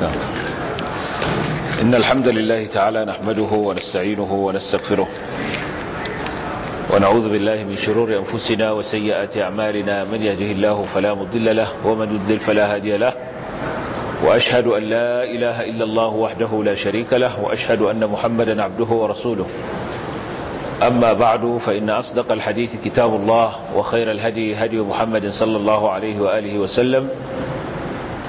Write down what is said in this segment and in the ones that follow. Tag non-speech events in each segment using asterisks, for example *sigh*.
نعم. إن الحمد لله تعالى نحمده ونستعينه ونستغفره ونعوذ بالله من شرور أنفسنا وسيئات أعمالنا من يهده الله فلا مضل له ومن يضلل فلا هادي له وأشهد أن لا إله إلا الله وحده لا شريك له وأشهد أن محمدا عبده ورسوله أما بعد فإن أصدق الحديث كتاب الله وخير الهدي هدي محمد صلى الله عليه وآله وسلم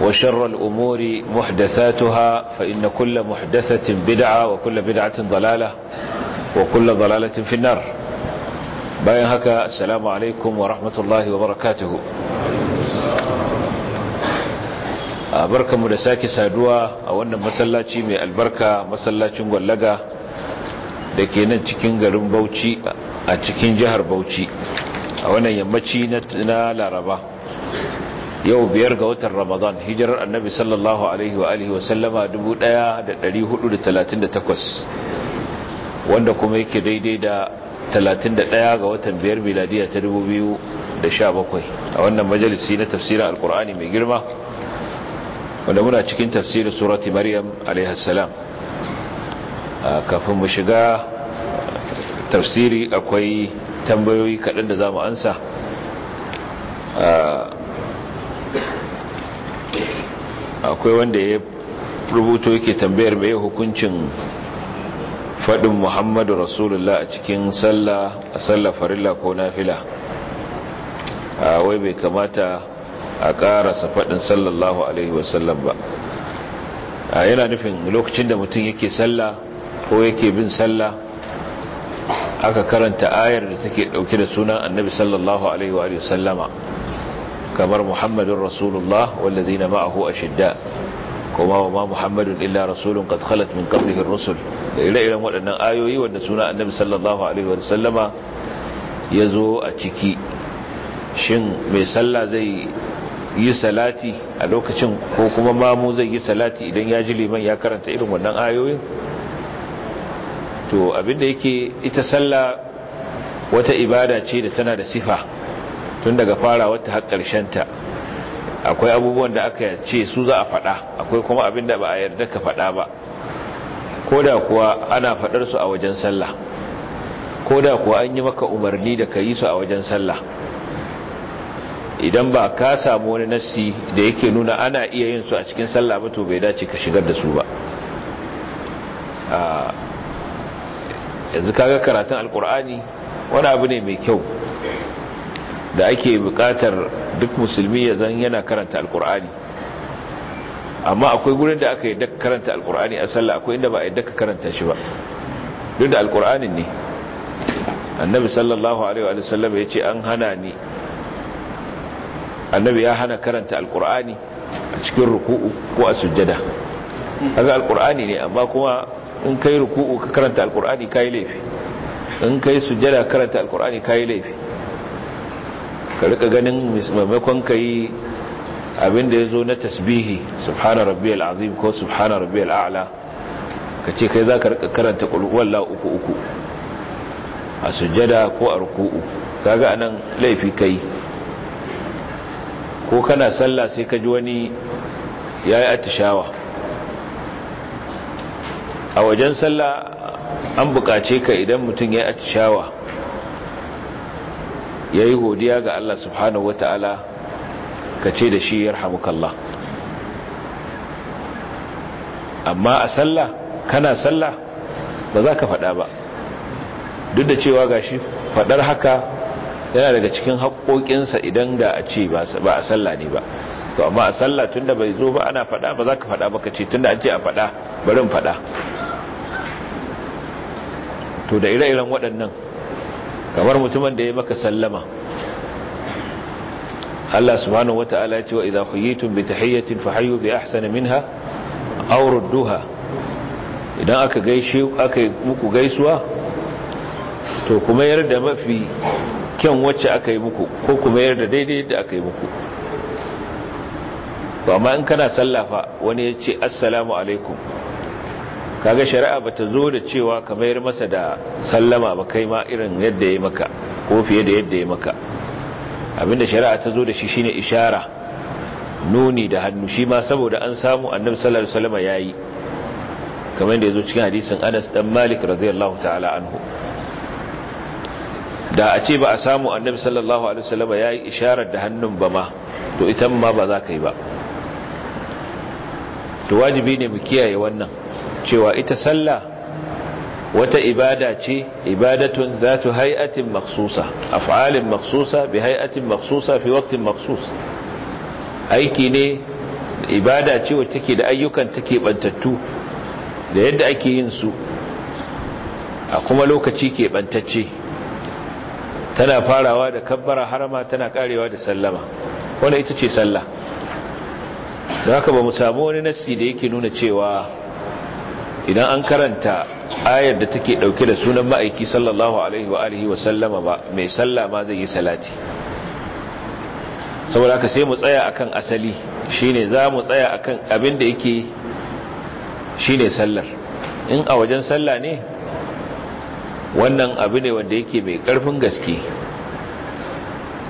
وشر الأمور محدثاتها فإن كل محدثة بدعة وكل بدعة ضلالة وكل ضلالة في النار باين هكا السلام عليكم ورحمة الله وبركاته barkan mu da sake saduwa a wannan masallaci mai albarka masallacin gwallaga da ke nan cikin garin bauchi a cikin jihar bauchi a wannan yammaci na laraba yau biyar ga watan ramadan hijirar annabi sallallahu alaihi wa alihi wasallama 1438 wanda kuma yake daidai da 31 ga watan biyar miladiya ta 2017 a wannan majalisi na tafsira alkur'ani mai girma wanda muna cikin tafsirin surati maryam alaihassalam kafin mu shiga tafsiri akwai tambayoyi kaɗan da za mu ansa akwai wanda ya rubuto yake tambayar mai hukuncin faɗin muhammadu rasulullah a cikin sallah a sallah farilla ko nafila a wai bai kamata a ƙarasa faɗin sallallahu alaihi wasallam ba a yana nufin lokacin da mutum yake sallah ko yake bin sallah aka karanta ayar da suke ɗauke da sunan annabi sallallahu alaihi wasallama kamar muhammadin rasulullah wallazina ma'ahu ashidda kuma wa ma muhammadin illa rasulun qad khalat min qablihi rusul da ire-iren waɗannan ayoyi wanda suna annabi sallallahu alaihi wa sallama ya zo a ciki shin mai sallah zai yi salati a lokacin ko kuma mamu zai yi salati idan ya ji liman ya karanta irin wannan ayoyin to abinda yake ita sallah wata ibada ce da tana da sifa tun daga farawar ta har ta akwai abubuwan da aka ce su za a faɗa akwai kuma abin da ba a yarda ka faɗa ba ko da kuwa ana faɗar su a wajen sallah ko da kuwa an yi maka umarni da ka yi su a wajen sallah idan ba ka samu wani nassi da yake nuna ana iya yin su a cikin sallah ba to bai dace ka shigar da su ba ah, yanzu kaga karatun alkur'ani wani abu ne mai kyau da ake bukatar duk musulmi ya zan yana karanta alkur'ani amma akwai gurin da aka yi daka karanta alkur'ani a sallah akwai inda ba a yi daka karanta shi ba duk da alkur'anin ne annabi sallallahu alaihi wa sallam ya ce an hana ni annabi ya hana karanta alkur'ani a cikin ruku'u ko a sujjada haka alkur'ani ne amma kuma in kai ruku'u ka karanta alkur'ani yi laifi in kai sujjada karanta alkur'ani yi laifi ka rika ganin maimakon ka yi abinda ya zo na tasbihi subhana rabbi alazim ko subhana rabbi a'la ka ce kai za ka rika karanta kulwalla uku uku a sujada ko a ruku'u kaga nan laifi ka yi ko kana sallah sai ka ji wani ya yi atishawa a wajen sallah an bukace ka idan mutum ya yayi atishawa ya yi godiya ga Allah subhanahu wa ta'ala ka ce da shi ya rahamukallah amma a sallah kana sallah ba za ka faɗa ba duk da cewa ga shi faɗar haka yana daga cikin haƙoƙinsa idan da a ce ba a sallah ne ba to amma a sallah da bai zo ba ana faɗa ba za ka faɗa ba ka ce tun da an ce a faɗa barin faɗa to da ire-iren waɗannan kamar mutumin da ya maka sallama Allah subhanahu wata'ala ya ce wa idza huyitum bi tahiyyatin fahayyu bi ahsani minha aw rudduha idan aka gaishe aka muku gaisuwa to kuma yarda mafi kyan wacce aka yi muku ko kuma yarda daidai da aka yi muku to amma in kana sallafa wani ya ce assalamu alaikum kaga shari'a bata zo da cewa ka mayar masa da sallama ba kai ma irin yadda ya maka ko fiye da yadda ya maka abinda shari'a ta zo da shi shine ishara nuni da hannu shi ma saboda an samu annabi sallallahu alaihi wasallam yayi kamar yadda yazo cikin hadisin Anas dan Malik radiyallahu ta'ala anhu da a ce ba a samu annabi sallallahu alaihi wasallam yayi isharar da hannun ba ma to ita ma ba za ka yi ba to wajibi ne mu kiyaye wannan cewa ita sallah wata ibada ce ibadatun zatu hay'atin makhsusa af'alin makhsusa bi hay'atin makhsusa fi waqtin makhsus aiki ne ibada ce wacce take da ayyukan take bantattu da yadda ake yin su a kuma lokaci ke bantacce tana farawa da kabbara harama tana karewa da sallama wannan ita ce sallah da haka ba mu samu wani nassi da yake nuna cewa idan an karanta ayar da take dauke da sunan ma'aiki sallallahu alaihi wa alihi wa sallama ba mai sallama zai yi salati saboda haka sai mu tsaya akan asali shine za mu tsaya akan abin da yake shine sallar in a wajen salla ne wannan abu ne wanda yake mai karfin gaske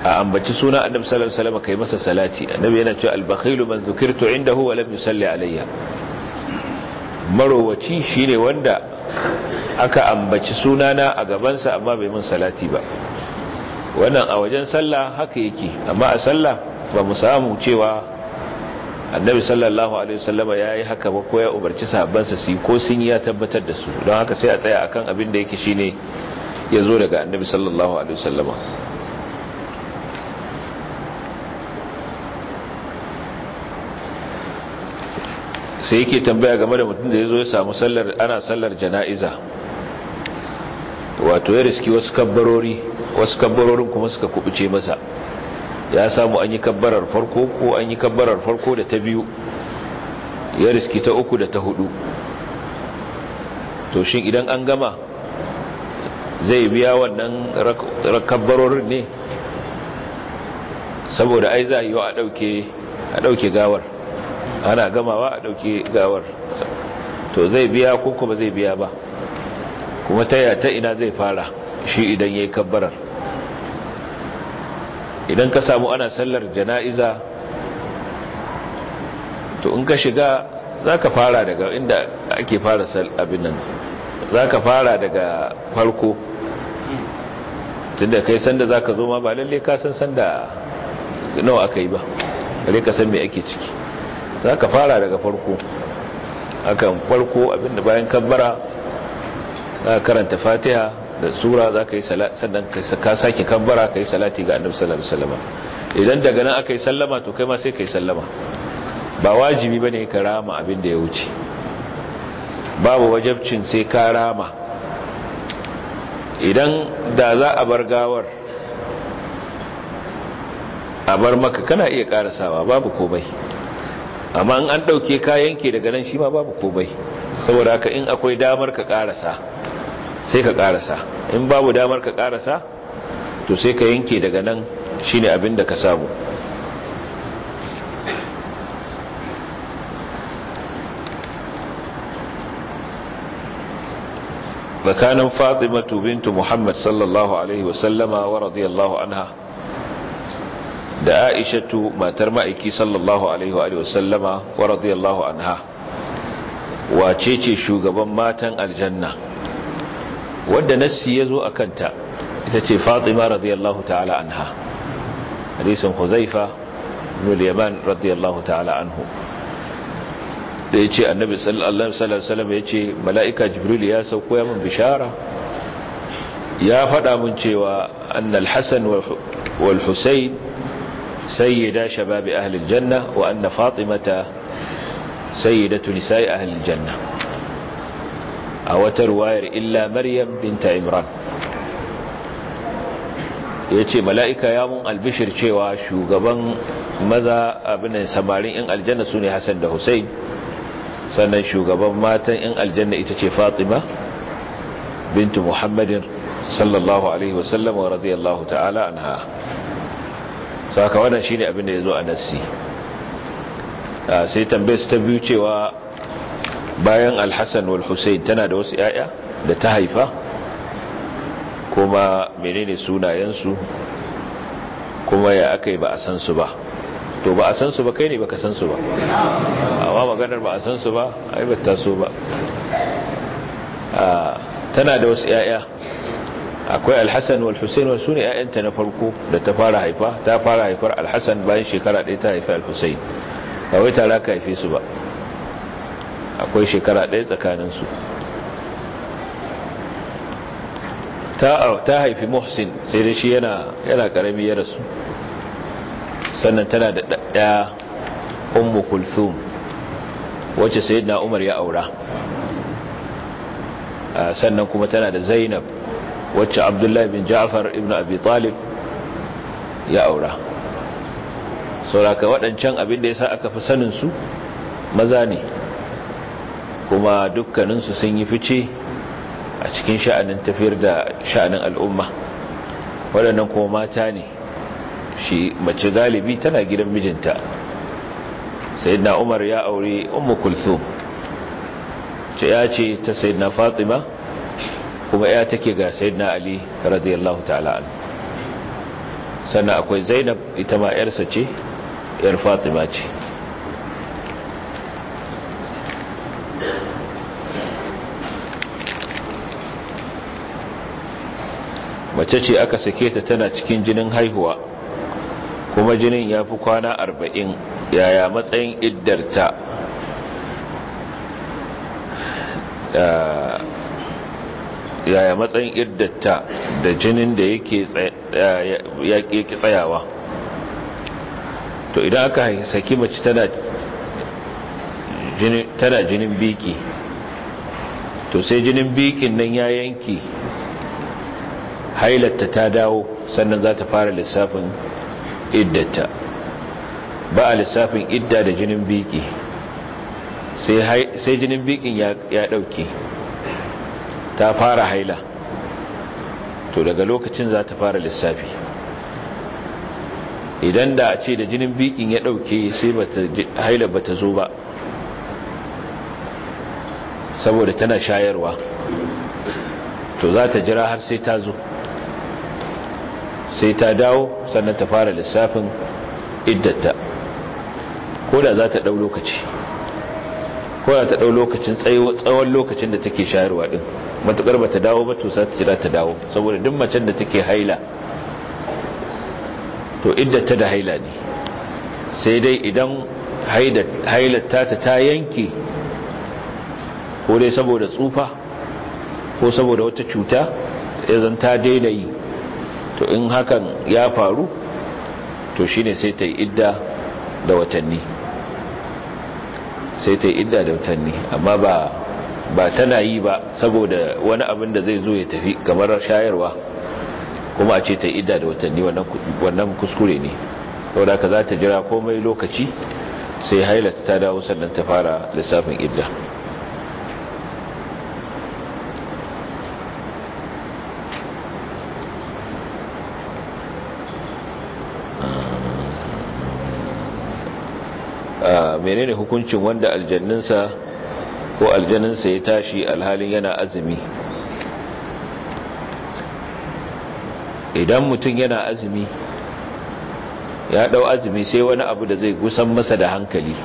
a ambaci suna annabi sallallahu alaihi sallama kai masa salati annabi yana cewa al-bakhilu man dhukirtu indahu wa lam yusalli alayya marowaci shine wanda aka ambaci sunana a gabansa amma bai mun salati ba wannan a wajen sallah haka yake amma a sallah ba mu samu cewa annabi sallallahu alaihi wasallama yayi haka ba ko ya umarci sahabbansa su ko sun ya tabbatar da su don haka sai a tsaya akan abin da yake shine yazo daga annabi sallallahu alaihi wasallama sai yake tambaya game da mutum da ya zo ya samu sallar ana sallar jana'iza wato ya riski wasu kabbarori wasu kabbarorin kuma suka kubuce masa ya samu an yi kabbarar farko ko an yi kabbarar farko da ta biyu ya riski ta uku da ta hudu to shi idan an gama zai biya wannan kabbarorin ne saboda ai za a yi wa a ɗauke gawar ana gamawa a ɗauki gawar to zai biya ko kuma zai biya ba kuma ta ya ta ina zai fara shi idan ya yi kabbarar idan ka samu ana sallar jana'iza to in ka shiga za ka fara daga inda ake fara abin nan za ka fara daga farko tunda kai sanda ka zo ma ba lalle ka san sanda nawa aka yi ba kare ka san me ake ciki za ka fara daga farko akan farko abinda bayan kabbara za ka karanta fatiha da sura za ka yi sannan ka sake kabbara ka yi salati ga annabi sallallahu alaihi idan daga nan aka yi sallama to kai ma sai ka yi sallama ba wajibi bane ka rama abin da ya wuce babu wajabcin sai ka rama idan da za a bar gawar a bar maka kana iya karasawa babu komai amma in an ɗauke kayan ke daga nan shi ma babu komai saboda haka in akwai damar ka ƙarasa sai ka ƙarasa in babu damar ka ƙarasa to sai ka yanke daga nan shi ne abin da ka samu tsakanin fatimatu bintu muhammad sallallahu alaihi wasallama wa radiyallahu anha da aishatu matar ma'aiki sallallahu alaihi wa sallama wa radiyallahu anha wace ce shugaban matan aljanna wadda nassi a kanta ita ce fatima radiyallahu ta'ala anha hadisin huzaifa ibn al radiyallahu ta'ala anhu da ce annabi sallallahu alaihi wasallam ce mala'ika jibril ya sauko ya min bishara ya faɗa mun cewa annal hasan wal husayn sayyida shababi ahli janna wa anna fatimata sayyidatu nisa'i ahli janna a wata ruwayar illa maryam binta imran yace mala'ika ya mun albishir cewa shugaban maza abinan samarin in aljanna sune Hassan da husain sannan shugaban matan in aljanna ita ce fatima bintu muhammadin sallallahu alaihi wasallam wa radiyallahu ta'ala anha to haka wannan shine abin da yazo a nassi sai tambayar ta biyu cewa bayan al-Hasan wal Husayn tana da wasu yaya da ta haifa kuma menene sunayen su kuma ya akai ba a san su ba to ba a san su ba kai ne baka san su ba amma maganar ba a san su ba ai ba ta so ba tana da wasu yaya akwai alhassan wal wasu ne ƴaƴanta na farko da ta fara haifa ta fara haifar alhassan bayan shekara ɗaya ta haifi alhusain ba wai tara ka haife su ba akwai shekara ɗaya tsakaninsu ta haifi muhsin sai da shi yana ƙarami karami ya rasu sannan tana da ɗaya ummu kulthum wacce sayyidina umar ya aura sannan kuma tana da zainab wacce abdullahi bin ja'far ibn abi talib ya aura sauraka waɗancan abin da ya sa aka fi saninsu maza ne kuma dukkaninsu sun yi fice a cikin sha'anin tafiyar da sha'anin al'umma waɗannan kuma mata ne shi mace galibi tana gidan mijinta sayyidina umar ya aure ummu kulthum ce ya ce ta sayyidina fatima kuma ya take ga sayyidina ali radiyallahu ta'ala an sannan akwai zainab ita ma yarsa ce yar fatima ce mace ce aka sake ta tana cikin jinin haihuwa kuma jinin ya fi kwana arba'in yaya matsayin iddarta ah, yaya matsayin iddata da jinin da yake tsayawa to idan aka saki mace tana jinin biki to sai jinin bikin nan ya yanki hailatta ta dawo sannan za ta fara lissafin iddata ba a lissafin idda da jinin biki sai jinin bikin ya dauke ta fara haila to daga lokacin za ta fara lissafi idan da a ce da jinin bikin ya dauke sai haila ba ta zo ba saboda tana shayarwa to za ta jira har sai ta zo sai ta dawo sannan ta fara lissafin iddata ko da za ta ɗau lokaci ko da ta ɗau lokacin tsawon lokacin da take shayarwa din. matukar ta dawo ba to sai ta jira ta dawo saboda duk macen da take haila to idda ta da haila ne sai dai idan haila ta ta yanke ko dai saboda tsufa ko saboda wata cuta ya ta daina yi to in hakan ya faru to shine sai ta yi idda da watanni sai ta yi idda da watanni amma ba ba tana yi ba saboda wani abin da zai zo ya tafi kamar shayarwa kuma a ce ta idda da watanni wannan kuskure ne saboda ka za ta jira komai lokaci sai hailata ta dawo sannan ta fara lissafin idda ah, menene hukuncin wanda aljanninsa ko aljaninsa ya tashi alhalin yana azumi idan mutum yana azumi ya dau azumi sai wani abu da zai gusan masa da hankali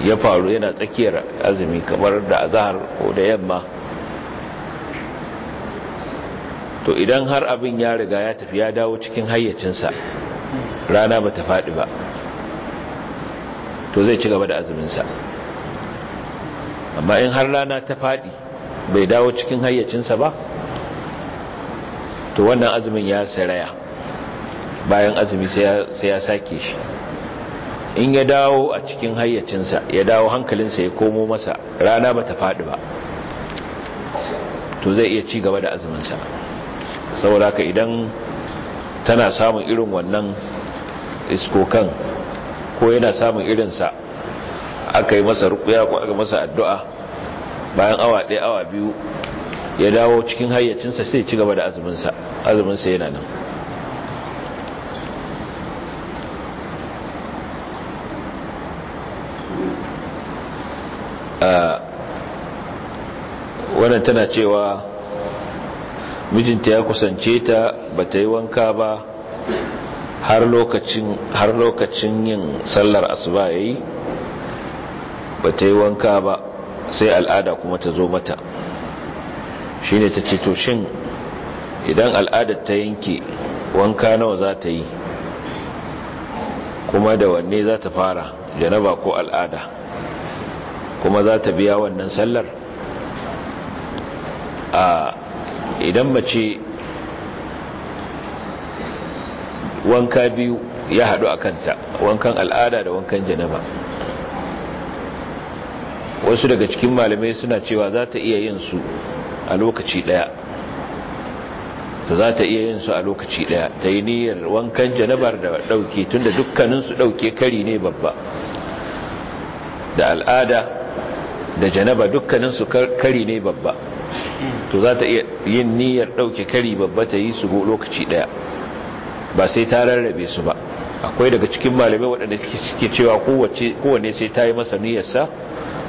ya faru yana tsakiyar azumi kamar da azahar ko da yamma to idan har abin ya riga ya tafi ya dawo cikin hayyacinsa rana bata ta faɗi ba to zai ci gaba da azuminsa amma in har rana ta faɗi bai dawo cikin hayyacinsa ba to wannan azumin ya saraya bayan azumi sai ya sake shi in ya dawo a cikin hayyacinsa ya dawo hankalinsa ya komo masa rana ba ta faɗi ba to zai iya ci gaba da azuminsa saboda ka idan tana samun irin wannan iskokan ko yana samun irinsa aka yi masa rukuya ko aka masa addu'a bayan awa ɗaya awa biyu ya dawo cikin hayyacinsa sai ci gaba da azuminsa azuminsa yana nan wannan tana cewa mijinta ya kusance ta ba ta yi wanka ba har lokacin yin sallar asuba ya yi ba ta yi wanka ba sai al'ada kuma ta zo mata shi ne ta ce to shin idan al'adar ta yanke wanka nawa za ta yi kuma da wanne za ta fara janaba ko al'ada kuma za ta biya wannan sallar a idan mace wanka biyu ya haɗu a kanta wankan al'ada da wankan janaba wasu daga cikin malamai suna cewa za ta iya yin su a lokaci daya to za ta iya yin su a lokaci daya ta yi niyyar wankan janabar da dauke tunda dukkanin su dauke kari ne babba da al'ada da janaba dukkanin su kari ne babba to za ta iya yin niyyar dauke kari babba ta yi su lokaci daya ba sai ta rarrabe su ba akwai daga cikin malamai waɗanda suke cewa kowanne sai ta yi masa niyyarsa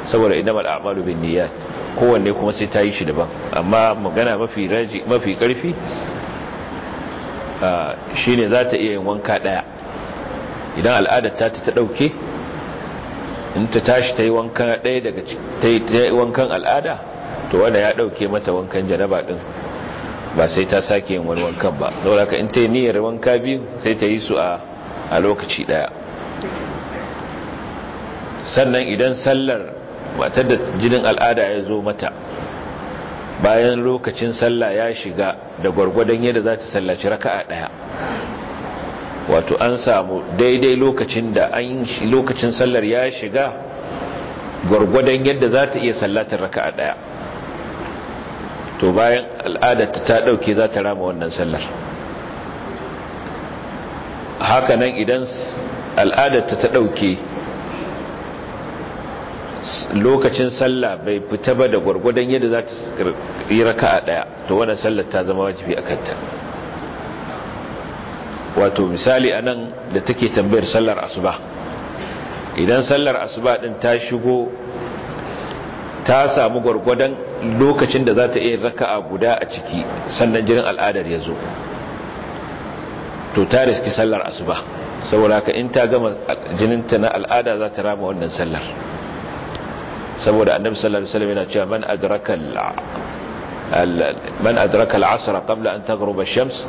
saboda innamal a'malu binniyat kowanne kuma sai tayi shi daban amma magana mafi raji mafi karfi shine za ta iya yin wanka daya idan al'adar ta ta dauke in ta tashi ta wanka daya daga tayi tayi wankan al'ada to wanda ya dauke mata wankan janaba din ba sai ta sake yin wani wankan ba saboda ka in ta yi niyyar wanka biyu sai ta yi su a a lokaci daya sannan idan sallar matar da jinin al'ada ya zo mata bayan lokacin sallah ya shiga da gwargwadon yadda za ta sallaci raka'a daya wato an samu daidai lokacin da an lokacin sallar ya shiga gwargwadon yadda za ta iya sallatar raka'a daya to bayan al'adarta ta dauke za ta rama wannan sallar hakanan idan al'adarta ta dauke lokacin sallah bai fita ba da gwargwadon yadda za ta yi a daya to wannan sallar ta zama wajibi a kanta wato misali anan da take tambayar sallar asuba idan sallar asuba din ta shigo ta samu gwargwadon lokacin da za ta iya a guda a ciki sannan jirin al'adar ya zo to ta riski sallar asuba saboda ka in ta gama jininta na al'ada za ta rama wannan sallar saboda annabi sallallahu alaihi wasallam yana cewa man adraka man adraka al-'asr qabla an taghruba ash-shams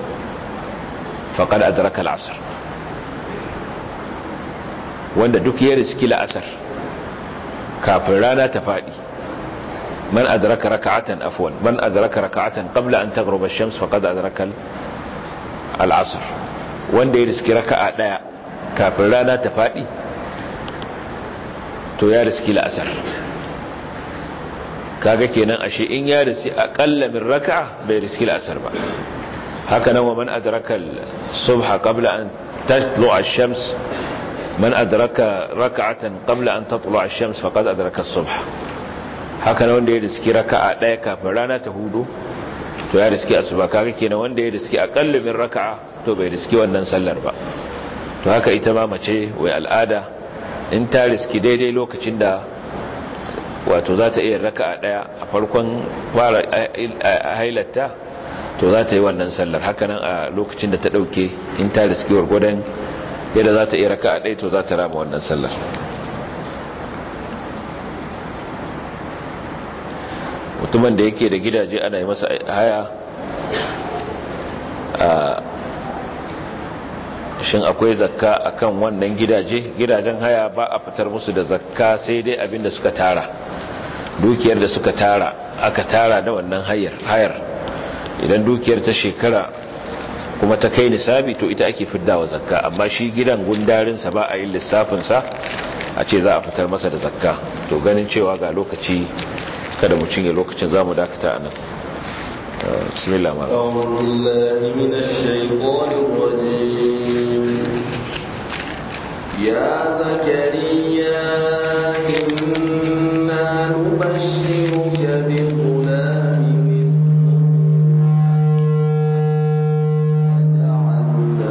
faqad adraka al-'asr wanda duk ya riski la'asar kafin rana ta fadi man adraka raka'atan afwan man adraka raka'atan qabla an taghruba ash-shams faqad adraka al-'asr wanda ya riski raka'a daya kafin rana ta fadi to ya riski la'asar kaga kenan ashe in ya risi aqalla min rak'a bai riski al'asar ba haka nan wa man adraka subha qabla an tatlu' ash-shams man adraka rak'atan qabla an tatlu' ash-shams faqad adraka as-subha haka nan wanda ya riski rak'a daya kafin rana ta hudu to ya riski asuba kaga kenan wanda ya riski aqalla min rak'a to bai riski wannan sallar ba to haka ita ma mace wai al'ada in ta riski daidai lokacin da wato za ta iya raka a ɗaya a farkon fara hailatta to za ta yi wannan sallar hakanan a lokacin da ta ɗauke in ta riskiwar gudan yadda za ta iya raka a ɗaya to za ta rama wannan sallar mutumin da yake da gidaje ana yi masa haya shin akwai zakka akan wannan gidaje gidajen haya ba a fitar musu da zakka sai dai abin da suka tara dukiyar da suka tara aka tara da wannan hayar idan dukiyar ta shekara kuma ta kai nisabi to ita ake fidda wa zakka amma shi gidan gundarinsa ba a yin sa a ce za a fitar masa da zakka to ganin cewa ga lokaci kada mu cinye lokacin za mu dakata anan. بسم الله مالك. أعوذ بالله من الشيطان الرجيم يا زكريا إنا نبشرك بغلام وجعلناه من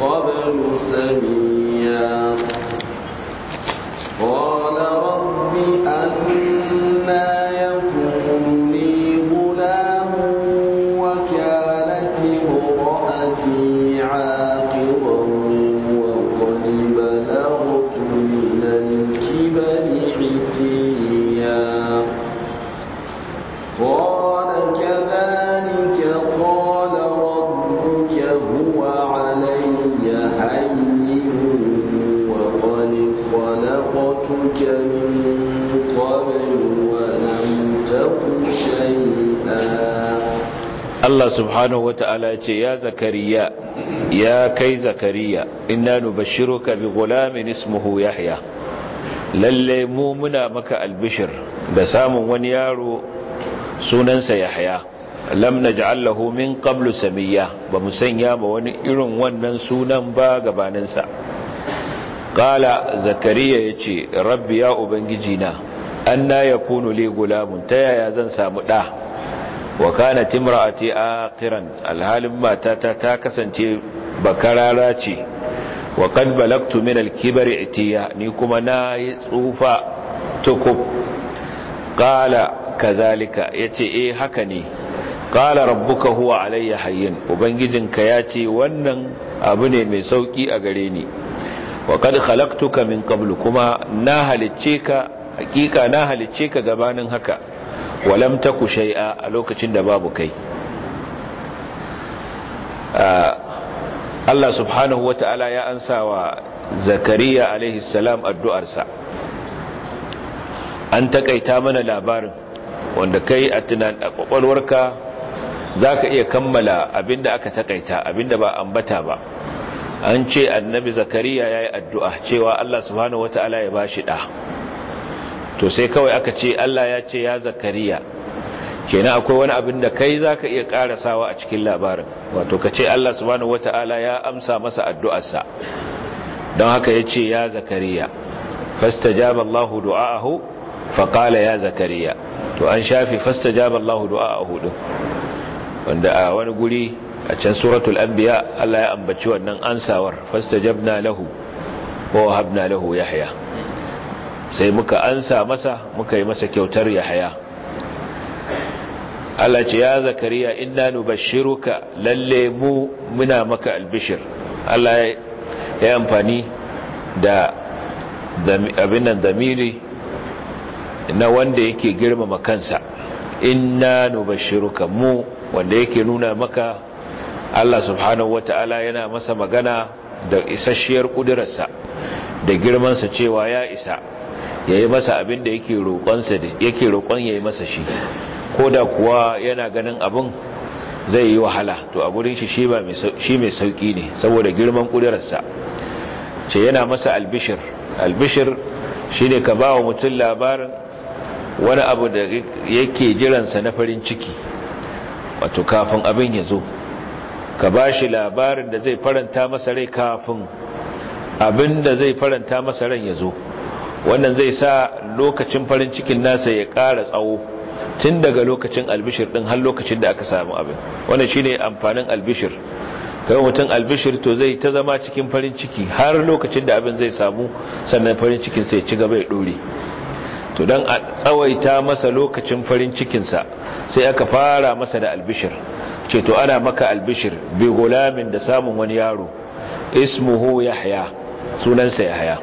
قبل سميا قال رب أنا Allah subhanahu wata'ala ya ce ya zakariya ya kai zakariya inna ka bi gulamin ismuhu yahya lalle mu muna maka albishir da samun wani yaro sunansa yahya lam naj'al lahu min qablu samiyya ba mu sanya ba wani irin wannan sunan ba gabaninsa qala zakariya yace rabbi ya ubangiji na anna yakunu li gulamun ta yaya zan samu da wa kana timra'ati aqiran alhalin matata ta kasance bakarara ce wa qad balagtu min al itiya ni kuma na yi tsufa tuku qala kazalika yace eh haka ne qala rabbuka huwa alayya hayyin ubangijinka yace wannan abu ne mai sauki a gare ni wa qad khalaqtuka min qablu kuma na halicce ka hakika na halicce ka gabanin haka walam Shai'a a lokacin da babu kai Allah subhanahu ta'ala ya ansa wa Zakariya alaihi salam addu'arsa an takaita mana labarin wanda kai a tunan za ka iya kammala abinda aka takaita abinda ba ambata ba an ce annabi zakariya ya yi addu'a cewa Allah subhanahu ta'ala ya ba shi ɗa to sai kawai aka ce Allah ya ce ya zakariya kenan akwai wani abin da kai zaka iya karasawa a cikin labarin wato ka ce Allah subhanahu wataala ya amsa masa addu'arsa don haka ya ce ya zakariya fastajaba Allahu du'aahu faqala ya zakariya to an shafi fastajaba Allahu du'aahu din wanda a wani guri a can suratul anbiya Allah ya ambaci wannan ansawar fastajabna lahu wa habna lahu yahya sai muka ansa masa muka yi masa kyautar yahaya Allah ce ya zakariya inna nubashiruka lalle mu muna maka albishir Allah ya amfani da abin nan damiri na wanda yake girmama kansa inna nubashiruka mu wanda yake nuna maka Allah subhanahu wataala yana masa magana da isasshiyar kudurarsa da girmansa cewa ya isa ya yi masa abin da yake roƙon ya yi masa shi ko da kuwa yana ganin abin zai yi wahala to a gurin shi shi mai sauƙi ne saboda girman ƙudurarsa ce yana masa albishir albishir shi ne ka ba wa mutum labarin wani abu da yake jiransa na farin ciki wato kafin abin ya zo ka ba shi labarin da zai faranta masa rai kafin abin da zai faranta masa ran ya zo wannan zai sa lokacin farin cikin nasa ya ƙara tsawo tun daga lokacin albishir ɗin har lokacin da aka samu abin wannan shine amfanin albishir kai mutum albishir to zai ta zama cikin farin ciki har lokacin da abin zai samu sannan farin cikin sai ci gaba ya dore to dan a tsawaita masa lokacin farin cikinsa sai aka fara masa da albishir ce to ana maka albishir bi gulamin da samun wani yaro ismuhu yahya sunansa yahya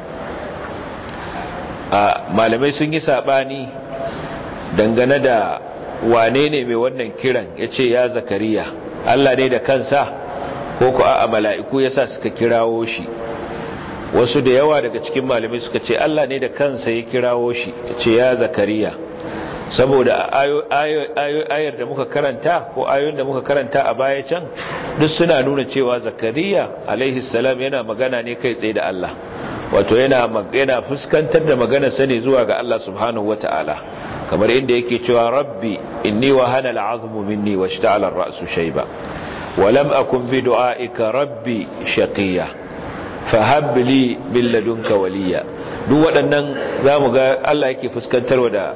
malamai sun yi sabani dangane da wane ne mai wannan kiran ya ce ya zakariya Allah ne da kansa ko ku a mala'iku ya sa suka kirawo shi wasu da yawa daga cikin malamai suka ce Allah ne da kansa ya kirawo shi ya ce ya zakariya saboda ayar da muka karanta ko ayoyin da muka karanta a baya can duk suna nuna cewa zakariya alaihi salam yana magana ne kai tsaye da Allah wato yana yana fuskantar da magana sani zuwa ga Allah subhanahu wataala kamar inda yake cewa rabbi inni wa hana al'azmu minni washta'ala ta'alar rasu shayba wa lam akun fi du'aika rabbi shaqiya fahabili li min ladunka waliya duk waɗannan zamu ga Allah yake fuskantarwa da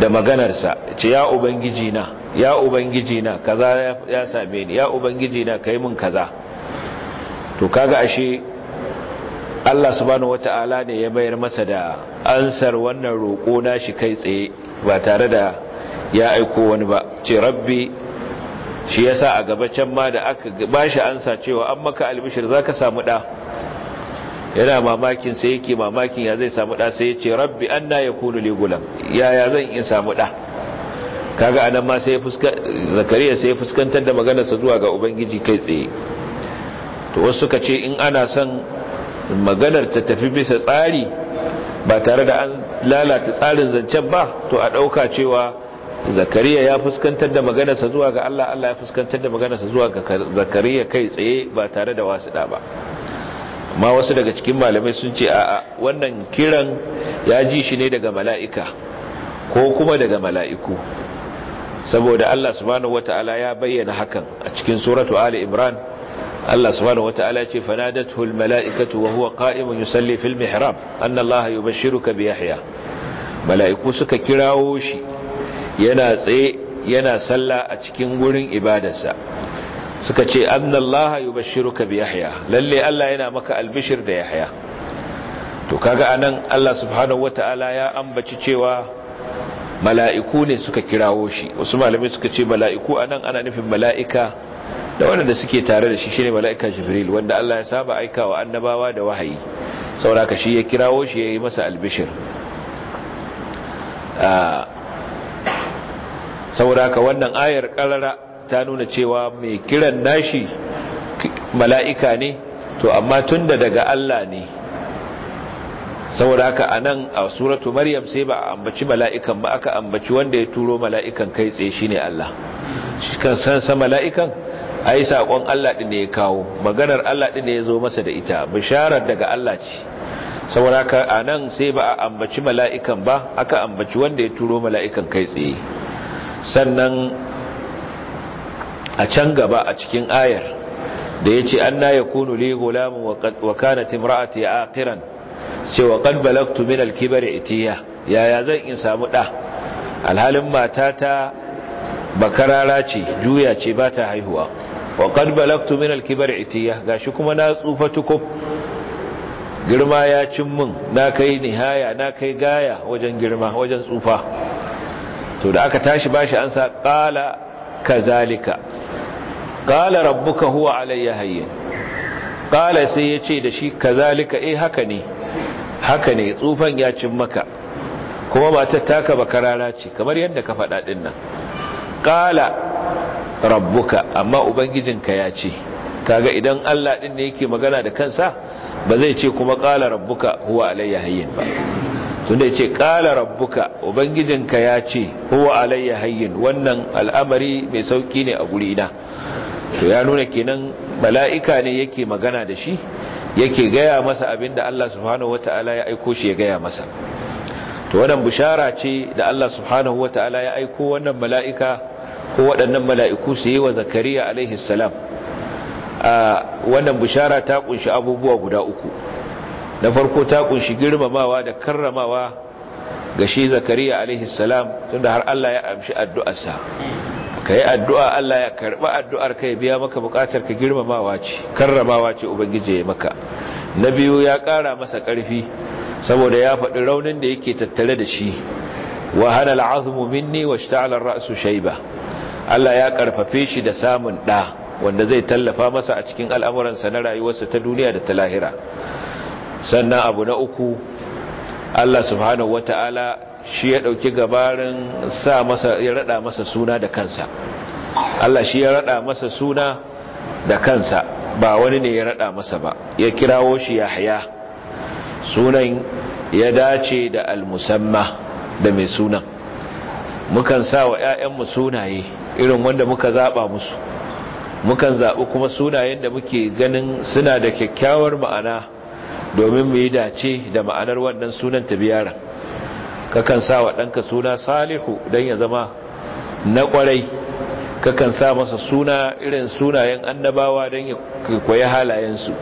da maganarsa ce ya ubangiji na ya ubangiji na kaza ya same ni ya ubangiji na kai mun kaza to kaga ashe Allah subhanahu wata'ala ne ya bayar masa da ansar wannan roƙo na shi kai tsaye ba tare da ya aiko wani ba ce rabbi shi yasa a gaba can ma da aka bashi ansa cewa an maka albishir zaka samu da yana mamakin sai yake mamakin ya zai samu da sai ya ce rabbi anna yakunu li gulam ya ya zan in samu da kaga anan ma sai fuska zakariya sai fuskantar da maganarsa zuwa ga ubangiji kai tsaye to wasu suka ce in ana son maganar ta tafi bisa tsari ba tare da an lalata tsarin zancen ba to a ɗauka cewa zakariya ya fuskantar da maganarsa zuwa ga Allah Allah ya fuskantar da maganarsa zuwa ga zakariya kai tsaye ba tare da wasu ba amma wasu daga cikin malamai sun ce a wannan kiran ya ji shi ne daga mala'ika ko kuma daga mala'iku saboda Allah subhanahu wataala ya bayyana hakan a cikin suratu Ali Imran Allah subhanahu wataala ce fanadathu almalaikatu wa huwa qa'imun yusalli fil mihrab anna Allah yubashshiruka bi Yahya mala'iku suka kirawo shi yana tsaye yana salla a cikin gurin ibadarsa suka ce anna Allah yubashshiruka bi Yahya lalle Allah yana maka albishir da Yahya to kaga anan Allah subhanahu wataala ya ambaci cewa mala'iku ne suka kirawo shi wasu malamai suka ce mala'iku anan ana nufin mala'ika da waɗanda suke tare da shi shine mala'ika jibril wanda Allah ya saba aika wa annabawa da wahayi sauraka shi ya kirawo shi ya yi masa albishir ah, sauraka wannan ayar karara ta nuna cewa mai kiran nashi mala'ika ne to amma tunda daga Allah ne sauraka a nan a suratu maryam sai ba a ambaci mala'ikan ba aka ambaci wanda ya turo mala'ikan kai tsaye shine Allah shi kan san sa mala'ikan ai sakon Allah din ne ya kawo maganar Allah din ne ya zo masa da ita bisharar daga Allah ce saboda nan anan sai ba a ambaci mala'ikan ba aka ambaci wanda ya turo mala'ikan kai tsaye sannan a can gaba a cikin ayar da yace anna an na ya kunu li gulamun wa kanat imra'ati aqiran cewa qad balagtu min al kibri itiya yaya zan in samu da alhalin matata bakarara ce juya ce ba ta haihuwa wa qad balagtu min al-kibar itiya gashi kuma na tsufa tukub girma ya cin min na kai nihaya na kai gaya wajen girma wajen tsufa to da aka tashi bashi an sa qala kazalika qala rabbuka huwa alayya hayyin qala sai yace da shi kazalika eh haka ne haka ne tsufan ya cin maka kuma matar taka bakarara ce kamar yadda ka faɗa ɗin nan ƙala rabbuka amma ubangijinka ya ce kaga idan Allah din ne yake magana da kansa ba zai ce kuma qala rabbuka huwa alayya hayyin ba tunda yace qala rabbuka ubangijinka ya ce huwa alayya hayyin wannan al'amari mai sauki ne a guri ina to ya nuna kenan mala'ika ne yake magana da shi yake gaya masa abinda Allah subhanahu wataala ya aiko shi ya gaya masa to wannan bushara ce da Allah subhanahu wataala ya aiko wannan mala'ika ko waɗannan mala'iku su yi wa zakariya alaihi salam wannan bishara ta ƙunshi abubuwa guda uku na farko ta ƙunshi girmamawa da karramawa ga shi zakariya alaihi salam tunda har Allah ya amshi addu'arsa ka yi addu'a Allah ya karɓi addu'ar ka ya biya maka buƙatar ka girmamawa ce karramawa ce ubangiji ya maka na biyu ya ƙara masa ƙarfi saboda ya faɗi raunin da yake tattare da shi wa hana al'azumu minni wa shi ta'alar ra'asu shaiba Allah ya karfafe shi da samun ɗa wanda zai tallafa masa a cikin al'amuransa na rayuwarsa ta duniya da ta lahira sannan abu na uku Allah subhanahu wata'ala shi ya ɗauki gabarin sa masa ya raɗa masa suna da kansa Allah shi ya raɗa masa suna da kansa ba wani ne ya raɗa masa ba ya kirawo shi Yahya sunan ya dace da al-musamma da mai sunan mukan sa wa ‘ya'yanmu sunaye irin wanda muka zaba musu mukan zaɓi kuma sunayen da muke ganin suna da kyakkyawar ma'ana domin mu yi dace da ma'anar wannan sunan ta biyara kakan sa wa ɗanka suna salihu don ya zama na ƙwarai kakan sa masa suna irin sunayen annabawa don ya kwaye halayensu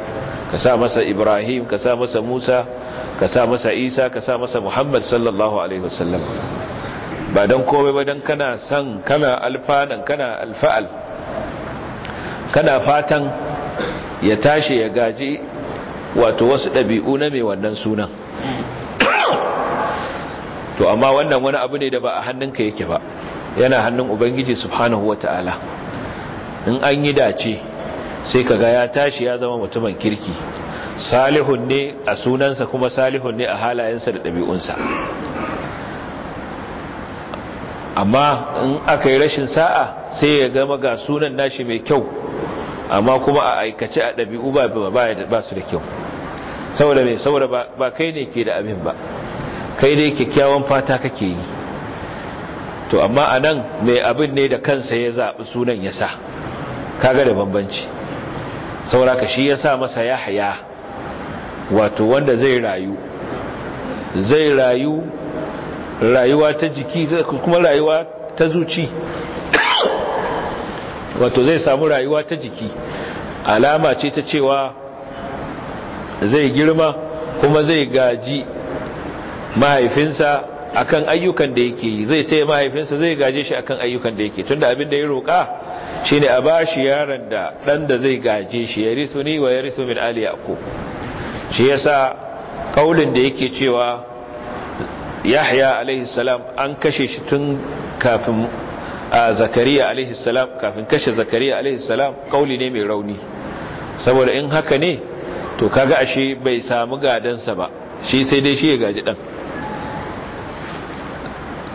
ka sa masa ibrahim ka sa masa musa ka sa masa isa ka sa masa muhammad sallallahu alaihi wasallam ba don komai ba don kana son kana alfanan kana alfa'al kana fatan ya tashi ya gaji wato wasu ɗabi'u na mai wannan sunan *coughs* to amma wannan wani abu ne da ba a hannunka yake ba yana hannun ubangiji subhanahu wa ta'ala in an yi dace sai kaga ya tashi ya zama mutumin kirki salihun ne a sunansa kuma salihun ne a halayensa da ɗabi'unsa amma in aka yi rashin sa'a sai ya gama ga sunan nashi mai kyau amma kuma a aikace a ɗabi'u ba su da kyau saboda mai saboda ba kai ne ke da abin ba kai ne kyakkyawan fata kake yi to amma a nan mai abin ne da kansa ya zaɓi sunan ya sa kaga da bambanci Saura ka shi ya sa masa ya haya wato wanda zai rayu zai rayu rayuwa ta jiki kuma rayuwa ta zuci wato zai samu rayuwa ta jiki alama ce ta cewa zai girma kuma zai gaji mahaifinsa akan ayyukan da yake yi zai taya mahaifinsa zai gaje shi akan ayyukan da yake tunda abin da ya roƙa shine a ba shi yaron da ɗan da zai gaje shi ya risu ni wa ya risu min ali shi yasa ƙaulin da yake cewa yahya alaihi salam an kashe shi tun kafin zakariya alaihi salam kafin kashe zakariya alaihi salam kauli ne mai rauni saboda in haka ne to kaga ashe bai samu gadansa ba shi sai dai shi ya gaji dan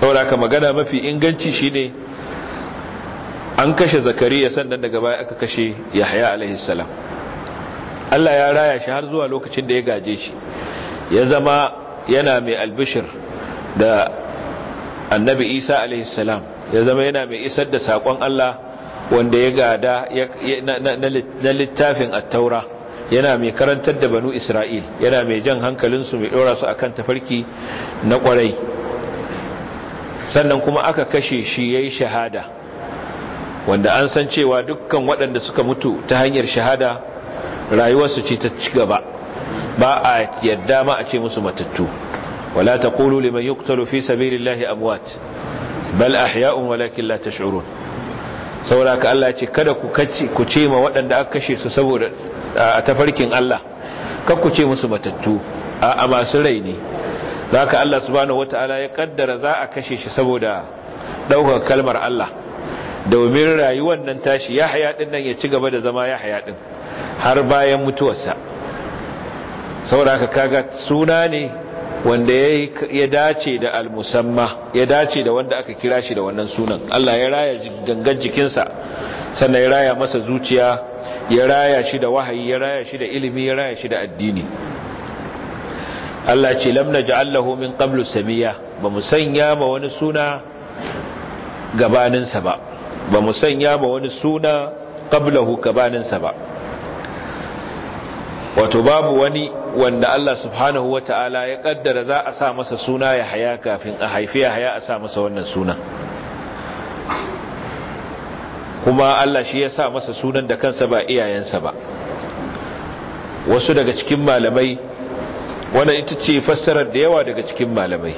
saboda ka magana mafi inganci shine an kashe zakariya sannan daga baya aka kashe yahya alaihi salam Allah ya raya shi har zuwa lokacin da ya gaje shi ya zama yana mai albishir da annabi isa alaihissalam ya zama yana mai isar da saƙon Allah wanda ya gada na littafin attaura yana mai karantar da banu isra'il yana mai jan hankalinsu mai ɗora su akan tafarki na ƙwarai sannan kuma aka kashe shi ya yi shahada wanda an san cewa dukkan waɗanda suka mutu ta hanyar shahada rayuwarsu ce ta ci gaba ba a yadda ma a ce musu matattu Wala تقولوا لمن يقتل في سبيل الله أموات بل أحياء ولكن لا تشعرون Allah ce kada ku kace ce ma waɗanda aka kashe su saboda tafarkin Allah kar ku ce musu matattu a'a masu rai ne zaka Allah subhanahu wataala ya kaddara za a kashe shi saboda daukar kalmar Allah domin rayuwar nan tashi ya haya nan ya ci gaba da zama ya haya har bayan mutuwarsa saboda ka kaga suna ne wanda ya dace da almusamma ya dace da wanda aka kira shi da wannan sunan Allah ya raya gangan jikinsa sannan ya raya masa zuciya ya raya shi da wahayi ya raya shi da ilimi ya raya shi da addini Allah ce lamna naj'al lahu min qablu samiya ba mu sanya ma wani suna gabaninsa ba ba mu sanya ma wani suna qablahu gabaninsa ba wato babu wani wanda Allah subhanahu wa ta'ala ya kaddara za a sa masa suna ya haya kafin a haifi ya haya a sa masa wannan suna kuma Allah shi ya sa masa sunan da kansa ba iyayensa ba wasu daga cikin malamai wanda ita ce fassarar da yawa daga cikin malamai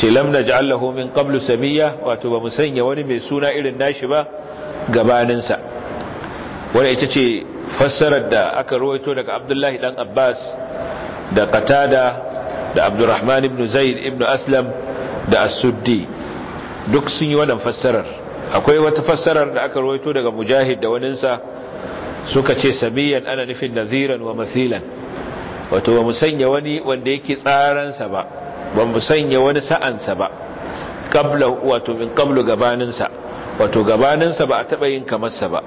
ce lam naj'al lahu min qablu samiyya wato ba mu sanya wani mai suna irin nashi ba gabaninsa wanda ita ce fassarar da aka rawaito daga abdullahi dan abbas da qatada da abdurrahman ibn zaid ibn aslam da as-suddi duk sun yi wannan fassarar akwai wata fassarar da aka rawaito daga mujahid da waninsa suka ce samiyan ana nufin nadhiran wa mathilan wato ba mu sanya wani wanda yake tsaransa ba ba mu sanya wani sa'ansa ba qabla wato min qablu gabaninsa wato gabaninsa ba a taɓa yin kamarsa ba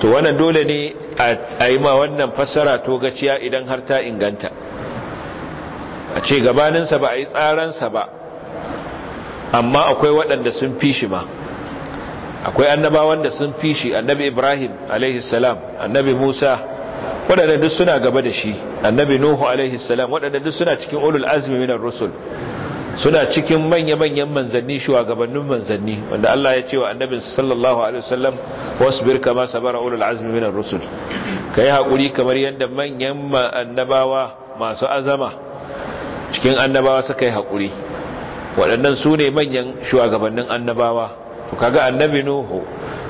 to wannan dole ne a yi ma wannan fassara to gaciya idan har ta inganta a ce gabaninsa ba a yi tsaransa ba amma akwai waɗanda sun fi shi ma akwai annabawan da sun fi shi annabi ibrahim alaihissalam annabi musa waɗanda duk suna gaba da shi annabi nuhu alaihissalam waɗanda duk suna cikin ulul azmi minar rusul suna cikin manya-manyan manzanni shugabannin manzanni wanda Allah ya ce wa annabi sallallahu alaihi wasallam wasbir kama sabara ulul azmi minar rusul kai hakuri kamar yadda manyan annabawa masu azama cikin annabawa suka yi hakuri waɗannan su ne manyan shugabannin annabawa to kaga annabi nuhu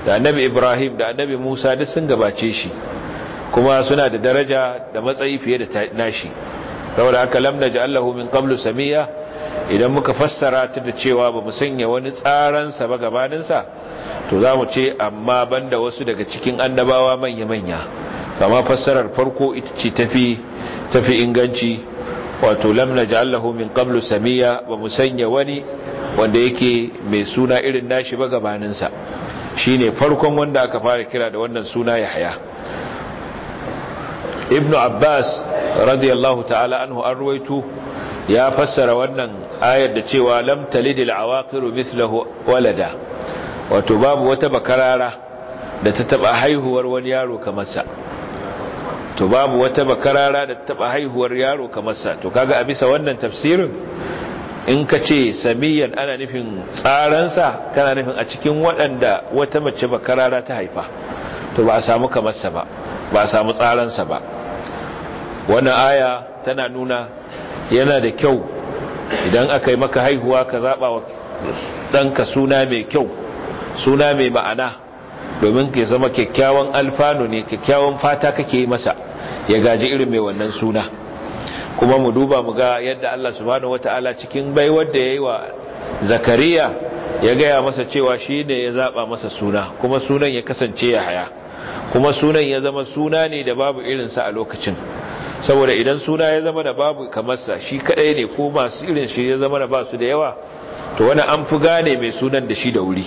da annabi ibrahim da annabi musa duk sun gabace shi kuma suna da daraja da matsayi fiye da nashi saboda haka lam naj'alahu min qablu samiya idan muka fassara ta da cewa ba mu sanya wani tsaransa ba gabaninsa to za mu ce amma banda wasu daga cikin annabawa manya-manya Kamar fassarar farko ita ce tafi tafi inganci wato lam naj'alahu min qablu samiya ba mu sanya wani wanda yake mai suna irin nashi ba gabaninsa shine farkon wanda aka fara kira da wannan suna Yahya Ibn Abbas radiyallahu ta'ala anhu an ya fassara wannan ayar da cewa lam talidil awaqiru mislahu walada wato babu wata bakarara da ta taba haihuwar wani yaro kamar sa to babu wata bakarara da ta taba haihuwar yaro kamar sa to kaga a bisa wannan tafsirin in ka ce samiyan ana nufin tsaransa kana nufin a cikin waɗanda wata mace bakarara ta haifa to ba a samu kamar sa ba ba a samu tsaransa ba wannan aya tana nuna yana da kyau idan aka yi maka haihuwa ka zaɓa wa ɗanka suna mai kyau suna mai ma'ana domin ke zama kyakkyawan alfanu ne kyakkyawan fata kake yi masa ya gaji irin mai wannan suna kuma mu duba mu ga yadda Allah subhanahu wata'ala cikin baiwar da ya yi wa zakariya ya gaya masa cewa shi ne ya zaɓa masa suna kuma sunan ya kasance ya haya kuma sunan ya zama suna ne da babu irinsa a lokacin saboda idan suna ya zama da babu kamarsa shi kadai ne ko masu irin shi ya zama da basu da yawa to wani an fi gane mai sunan da shi da wuri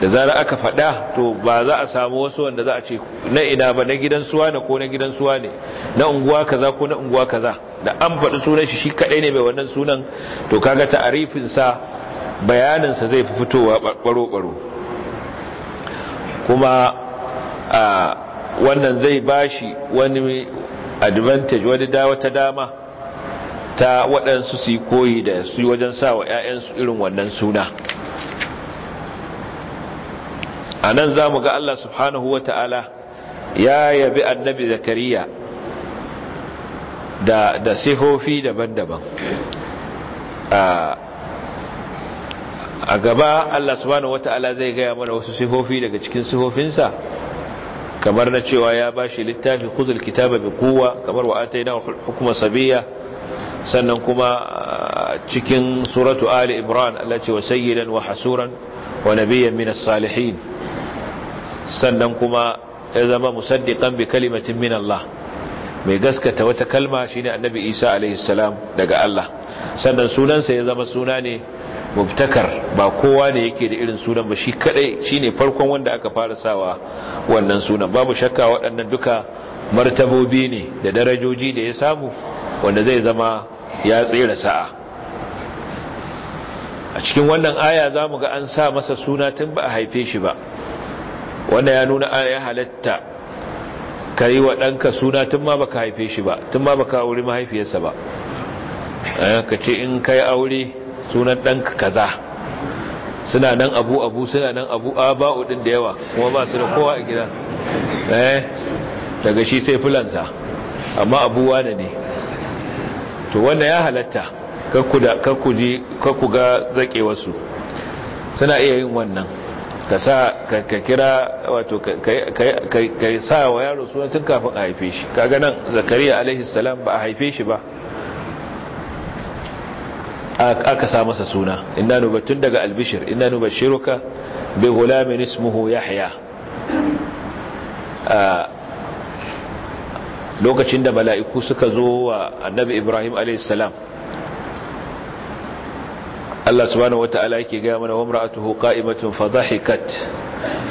da zara aka faɗa to ba za a samu wasu wanda za a ce na ina ba na gidan suwa ne ko na gidan suwa ne na unguwa kaza ko na unguwa kaza da an faɗi sunan shi shi kadai ne mai wannan sunan to kaga ta'arifin sa bayanin sa zai fi fitowa baro baro kuma a wannan zai bashi wani advantage wani wata dama ta waɗansu su koyi da su wajen sa wa 'ya'yansu irin wannan suna a nan za mu ga Allah subhanahu wa ta'ala ya yabi annabi zakariya da, da daban-daban a gaba Allah subhanahu wa ta'ala zai gaya mana wasu sihofi daga cikin sifofinsa. kamar na cewa ya bashi littafi khuzul kitaba bi kamar wa ataina hukuma sabiyya sannan kuma ah, cikin suratu ali imran Allah ce wa sayyidan wa hasuran wa nabiyyan min salihin sannan kuma ya zama musaddiqan bi kalimatin min Allah mai gaskata wata kalma shine annabi Isa alaihi salam daga Allah sannan sunansa ya zama suna ne mubtakar ba kowa ne yake da irin sunan ba shi kadai shine farkon wanda aka fara sawa wannan sunan babu shakka waɗannan duka martabobi ne da darajoji da ya samu wanda zai zama ya tsira sa'a a cikin wannan aya za mu ga an sa masa suna tun ba a haife shi ba wanda ya nuna ya halatta ka yi wa ɗanka suna tun ma ba ka haife shi ba tun ma ba baka wuri mahaifiyarsa ba eh, ka ce in ka yi aure sunan ɗanka kaza suna nan abu abu suna nan abu aba'u ɗin da yawa kuma ba su da kowa a gida eh daga shi sai filansa amma abu wane ne to wanda ya halatta kakku ga zaƙe wasu suna iya yin wannan ka sa ka kira wato ka sa wa yaro sunan tun kafin a haife shi kaga nan zakariya alaihi salam ba a haife shi ba aka sa masa suna inna nubatun daga albishir inna nubashiruka bi gulamin ismuhu yahya lokacin da mala'iku suka zo wa annabi ibrahim alaihissalam Allah subhanahu wata'ala yake gaya mana wa mra'atuhu qa'imatun fa dhahikat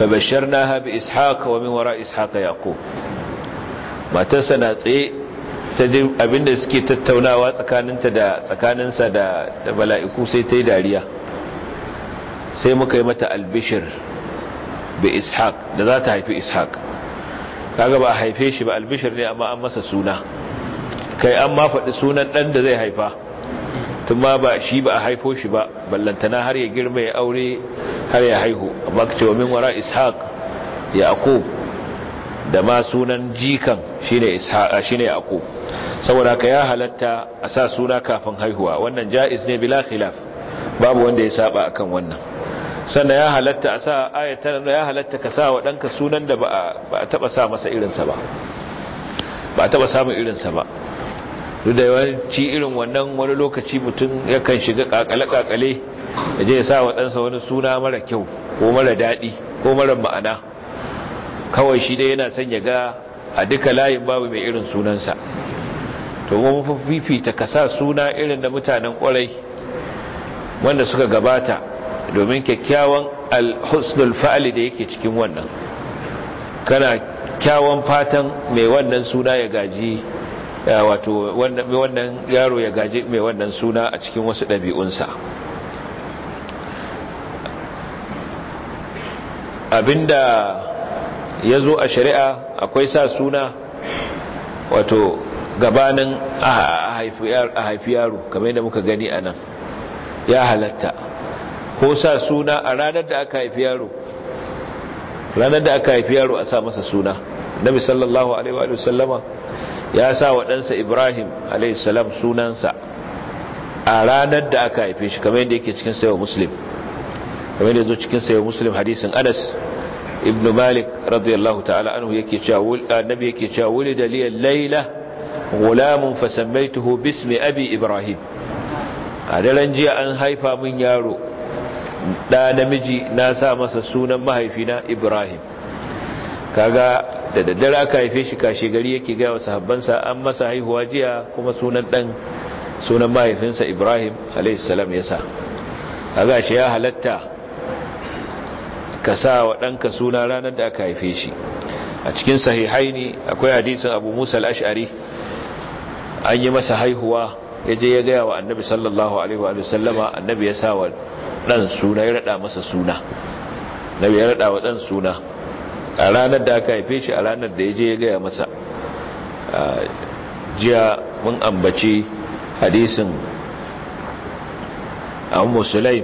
fa basharnaha bi ishaq wa min wara ishaq yaqub matarsa na tsaye ta dai abinda suke tattaunawa tsakaninta da tsakaninsa da da bala'iku sai ta yi dariya sai muka yi mata albishir bi ishaq da za ta haifi ishaq kaga ba haife shi ba albishir ne amma an masa suna kai an ma faɗi sunan ɗan da zai haifa Tumma ba shi ba a haifo shi ba ballantana har ya girma ya aure har ya haihu amma ka wa min wara ishaq yaqub da ma sunan jikan shine ishaqa shine ako. saboda ka ya halatta a sa suna kafin haihuwa wannan jaiz ne bila khilaf babu wanda ya saba akan wannan sannan ya halatta a sa da ya halatta ka sa wa danka sunan da ba a taba sa masa irin ba ba a taba samun irin ba duk da yawanci irin wannan wani lokaci mutum yakan shiga kakale-kakale ya je ya sa wa ɗansa wani suna mara kyau ko mara daɗi ko mara ma'ana kawai shi dai yana son ya ga a duka layin babu mai irin sunansa to mun fifita ka sa suna irin da mutanen kwarai wanda suka gabata domin kyakkyawan alhusnul fa'ali da yake cikin wannan kana kyawan fatan mai wannan suna ya gaji wato wannan yaro ya gaji mai wannan suna a cikin wasu ɗabi'unsa abinda ya zo a shari'a akwai sa suna wato gabanin a haifi yaro kamar yadda muka gani a nan ya halatta ko sa suna a ranar da aka haifi yaro ranar da aka haifi yaro a sa masa suna nabi sallallahu alaihi wa sallama ya sa wa ibrahim alaihi salam sunansa a ranar da aka haife shi kamar yadda yake cikin sayo muslim kamar yadda zo cikin sayo muslim hadisin anas ibn malik radiyallahu ta'ala anhu yake cewa annabi yake cewa wulida li layla gulamun fa sammaytuhu bismi abi ibrahim a daren jiya an haifa min yaro da namiji na sa masa sunan mahaifina ibrahim kaga da daddare aka haife shi kashe gari yake ga wasu habbansa an masa haihuwa jiya kuma sunan dan sunan mahaifinsa ibrahim alaihissalam ya sa kaga shi ya halatta ka sa wa ɗanka suna ranar da aka haife shi a cikin sahihaini akwai hadisin abu musa al'ash'ari an yi masa haihuwa ya je ya gaya wa annabi sallallahu alaihi wa sallama annabi ya sa wa ɗan suna ya raɗa masa suna annabi ya raɗa wa ɗan suna a ranar da aka haife shi a ranar da ya je ya gaya masa jiya mun ambaci hadisin a musulai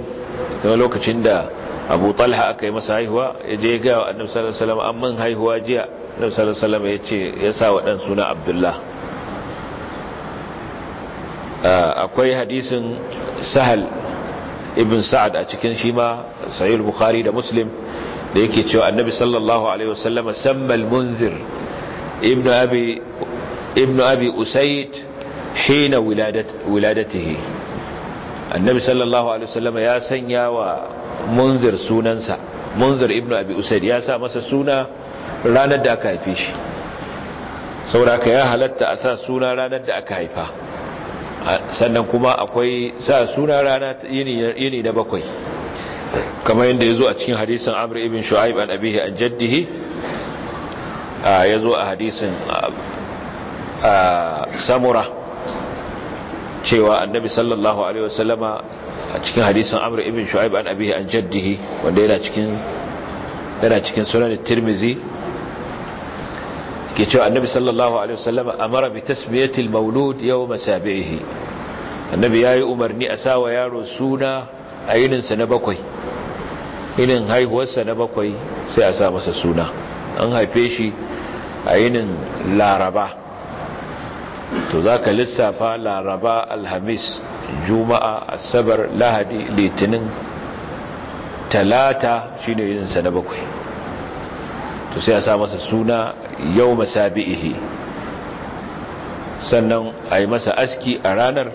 ita lokacin da abu talha aka yi masa haihuwa ya je ga annabi sallallahu alaihi wasallam man haihuwa jiya annabi sallallahu alaihi wasallam ya ce ya sa wa dan suna abdullah akwai hadisin sahal ibn sa'ad a cikin shi ma sahih bukhari da muslim da yake cewa annabi sallallahu alaihi wasallam sammal munzir ibn abi ibn abi usayd hina wiladatihi annabi sallallahu alaihi wasallam ya sanya wa munzir sunansa munzir ibn abi usaid ya sa masa suna ranar da aka haife shi ka ya halatta a sa suna ranar da aka haifa sannan kuma akwai sa suna rana yini na bakwai kamar yadda ya zo a cikin hadisun amr ibn shu'aib an abihi an jaddihi ya zo a hadisin samura cewa annabi sallallahu alaihi wasallama a cikin hadisin amr ibn shu'aib an abihi an jaddihi wanda yana cikin yana cikin sunan tirmizi ke cewa annabi sallallahu alaihi wasallam amara bi tasmiyati al-mawlud yawm sabihi annabi yayi umarni a sawa yaro suna a yinin sa na bakwai yinin haihuwar sa na bakwai sai a sa masa suna an haife shi a yinin laraba to za ka lissafa laraba alhamis juma'a asabar lahadi litinin talata shi ne yinsa na bakwai to sai a sa masa suna yau masabi'ihi sannan a yi masa aski a ranar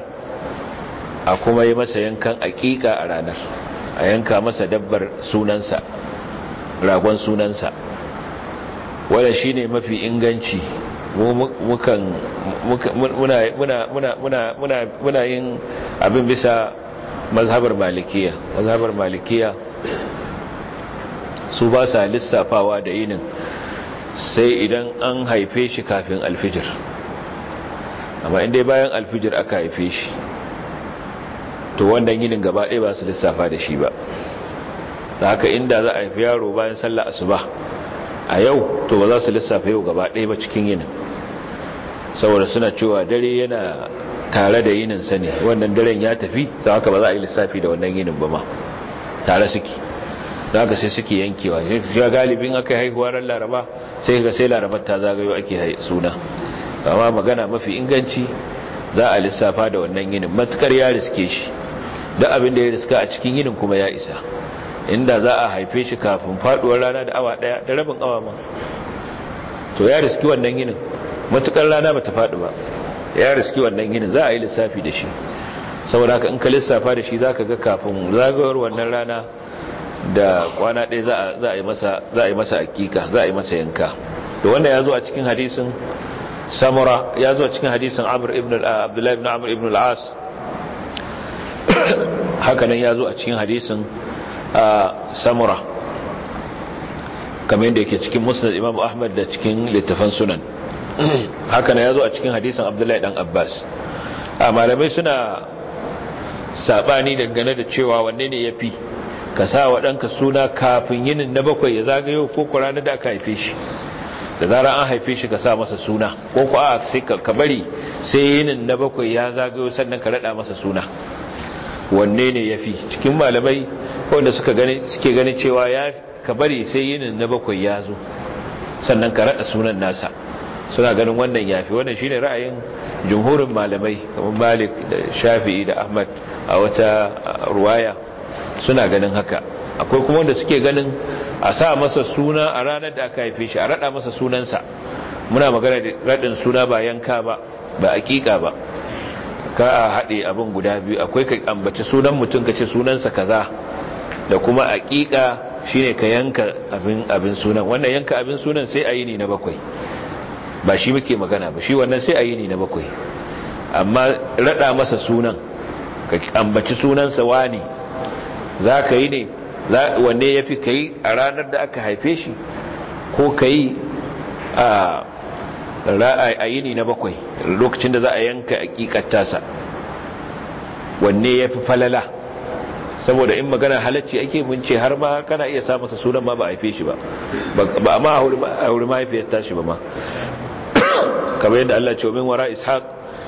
a kuma yi masa yankan aƙiƙa a ranar a yanka masa dabbar sunansa ragon sunansa wadda shi ne mafi inganci muna yin abin bisa mazhabar malikiya mazhabar malikiya su ba sa lissafawa da yinin sai idan an haife shi kafin alfijir amma inda bayan alfijir aka haife shi to wannan yinin gaba ɗaya ba su lissafa da shi ba da haka inda za a haifi yaro bayan sallah asuba a yau to ba za su lissafa yau gaba ɗaya ba cikin yinin saboda suna cewa dare yana tare da yinin sani wannan daren ya tafi za haka ba za a yi lissafi da wannan yinin ba ma tare suke za ka sai suke yankewa ya galibin aka haihuwa ran laraba sai ka sai larabar ta zagayo ake suna amma magana mafi inganci za a lissafa da wannan yinin matukar ya riske shi da abin da ya riska a cikin yinin kuma ya isa inda za a haife shi kafin faduwar rana da awa daya da rabin awa ma to ya riski wannan yinin matukar rana bata fadu ba ya riski wannan yinin za a yi lissafi da shi saboda haka in ka lissafa da shi za ka ga kafin zagawar wannan rana da kwana ɗaya za a yi masa za a yi masa hakika za a yi masa yanka to wanda ya zo a cikin hadisin samura ya zo a cikin hadisin amr ibn abdullahi ibn amr ibn al-as *coughs* haka nan ya zo a cikin hadisin A samura kamar yadda yake cikin musnad imam ahmad da cikin littafan sunan *clears throat* haka na ya zo a cikin hadisan abdullahi dan abbas a malamai suna sabani dangane da cewa wanne ne ya fi ka sa wa danka suna kafin yinin na bakwai ya zagayo ko kurana da aka haife shi da zarar an haife shi ka sa masa suna ko ku a sai ka bari sai yinin na bakwai ya zagayo sannan ka raɗa masa suna wanne ne ya fi cikin malamai wanda suka gani suke ganin cewa ya ka bari sai yinin na bakwai ya zo sannan ka raɗa sunan nasa suna ganin wannan ya fi wannan shine ra'ayin jumhurin malamai kamar malik da shafi'i da ahmad a wata ruwaya suna ganin haka akwai kuma wanda suke ganin a sa masa suna a ranar da aka haife shi a raɗa masa sunansa muna magana da raɗin suna ba yanka ba ba aƙiƙa ba ka a haɗe abin guda biyu akwai ka ambaci sunan mutum ka ce sunansa kaza da kuma aƙiƙa shine ka yanka abin sunan wannan yanka abin sunan sai a yi ne na bakwai ba shi muke magana ba shi wannan sai a yi ne na bakwai amma raɗa masa sunan ka ambaci sunansa wani za ka yi ne wanne ya fi ka yi a ranar da aka haife shi ko ka yi a ra'ayi na bakwai lokacin da za a yanka hakikar wanne yafi falala saboda in magana halacci ake mun ce har ma kana iya sa sunan ma ba a haife shi ba ba ma a wuri mahaifiyar tashi ba ma *coughs* kamar yadda Allah ce min wara ishaq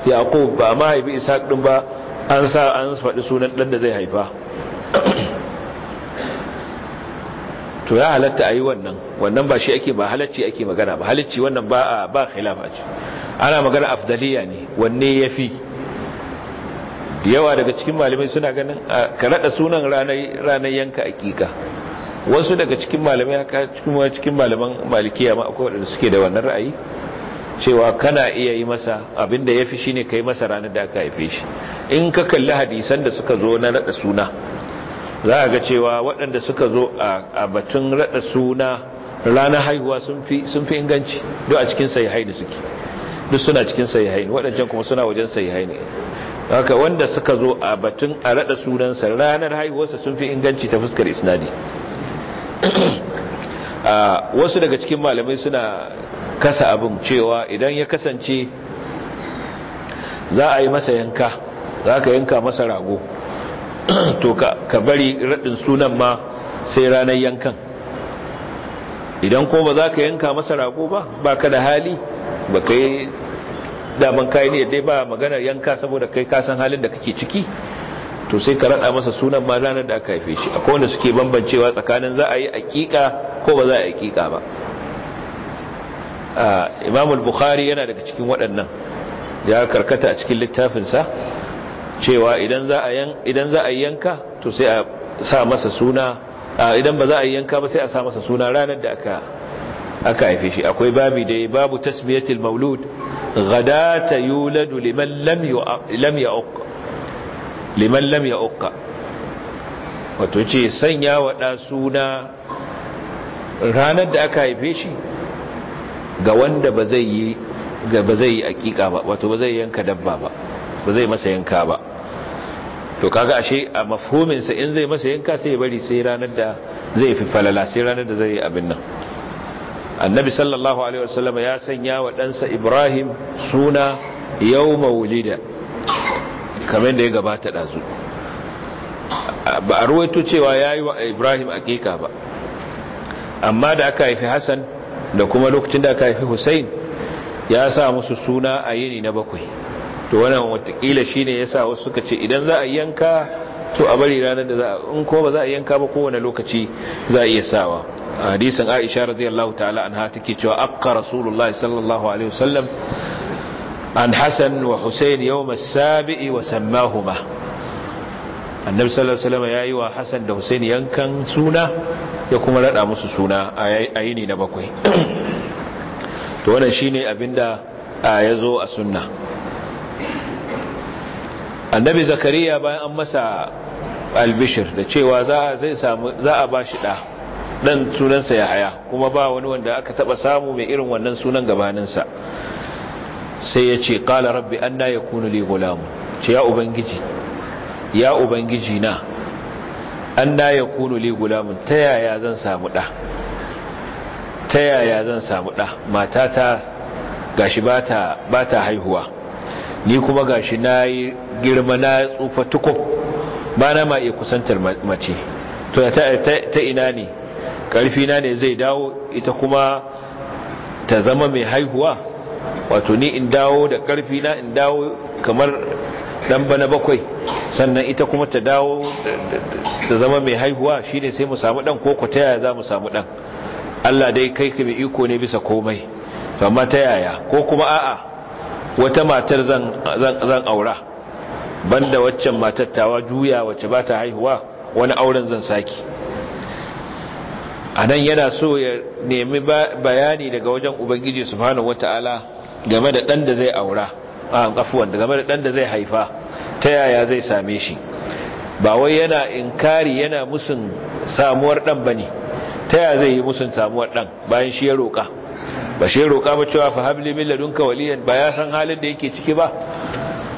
yaqub ba ma haifi ishaq din ba an sa an faɗi sunan ɗan da zai haifa *coughs* to ya halatta ayi wannan wannan ba shi ake ba halacci ake magana ba halacci wannan ba ba khilaf a ana magana afdaliya ne wanne yafi yawa daga cikin malamai suna ganin ka rada sunan ranar yanka akika wasu daga cikin malamai haka cikin cikin malaman malikiya ma akwai wadanda suke da wannan ra'ayi cewa kana iya yi masa abinda yafi shine kai masa ranar da aka haife shi in ka kalli hadisan da suka zo na rada suna za a ga cewa waɗanda suka zo a batun raɗa suna ranar haihuwa sun fi inganci duk a cikin sahihai haini suke duk suna cikin haini waɗancan kuma suna wajen sahihai haini haka wanda suka zo a batun a raɗa sunansa ranar haihuwarsa sun fi inganci ta fuskar isnadi *clears throat* wasu daga cikin malamai suna kasa abin cewa idan ya kasance za a yi masa yanka za ka yanka masa rago *clears throat* to ka bari raɗin sunan ma sai ranar yankan idan ko ba za ka yanka masa rago ba ba ka da hali ba ka yi daman kayi ne dai ba maganar yanka saboda kai kasan halin da kake ciki to sai ka raɗa masa sunan ma ranar da aka haife shi akwai wanda suke bambancewa tsakanin za a yi aƙiƙa ko ba za a yi aƙiƙa ba ah, imamul bukhari yana daga cikin waɗannan ya karkata a cikin littafinsa cewa idan za a yanka to sai a sa masa suna idan ba za a yanka ba sai a sa masa suna ranar da aka aka haife shi akwai babi da babu tasmiyatul maulud ghadata yuladu liman lam lam yaqqa liman lam yaqqa wato ce sanya wa da suna ranar da aka haife shi ga wanda ba zai yi ga ba zai yi akika ba wato ba zai yanka dabba ba ba zai masa yanka ba to kaga ashe a mafhumin sa in zai masa yanka sai ya bari sai ranar da zai fi falala sai ranar da zai abin nan annabi sallallahu alaihi wasallam ya sanya wa ɗansa ibrahim suna yawma wulida kamar da ya gabata dazu ba a ruwaito cewa ya yi wa ibrahim aƙiƙa ba amma da aka haifi hassan da kuma lokacin da aka haifi hussein ya sa musu suna a yini na bakwai to wannan watakila shine yasa wasu suka ce idan za a yanka to a bari ranar da za a in ko ba za a yanka ba kowane lokaci za a iya sawa hadisin Aisha radiyallahu ta'ala anha take cewa aqqa rasulullah sallallahu alaihi wasallam an Hassan wa Hussein yawm as-sabi'i wa sammahuma annabi sallallahu alaihi wasallam yayi wa Hassan da Hussein yankan suna ya kuma rada musu suna a na bakwai to wannan shine abinda ya a sunna annabi zakariya bayan an masa albishir da cewa za a bashi da dan sunansa yahaya kuma ba wani wanda aka taba samu mai irin wannan sunan gabaninsa sai ya ce qala rabbi anna yakunu li gulam ce ya ubangiji ya ubangiji na anna yakunu li gulam ta yaya zan samu ɗa ta yaya zan samu ɗa matata gashi ba ta haihuwa ni kuma gashi na yi girma na tsufa tukun ba na ma iya kusantar mace to ta ina ne karfi na ne zai dawo ita kuma ta zama mai haihuwa wato ni in dawo da karfi na in dawo kamar dan bana bakwai sannan ita kuma ta dawo ta zama mai haihuwa shine sai mu samu dan koko ta yaya za mu samu dan Allah dai kai ka mai iko ne bisa komai amma ta yaya ko kuma a'a wata matar zan aura banda waccan matar tawa juya wacce ba ta haihuwa wani auren zan saki a nan yana so ya nemi bayani daga wajen ubangiji subhanahu wata'ala game da ɗan da zai aura a da game da ɗan da zai haifa ta yaya zai same shi ba wai yana inkari yana musun samuwar ɗan ba ne ta yaya zai yi musun samuwar ɗan bayan shi ya roƙa ba shi roƙa ba cewa fa habli min ladunka waliyan ba ya san halin da yake ciki ba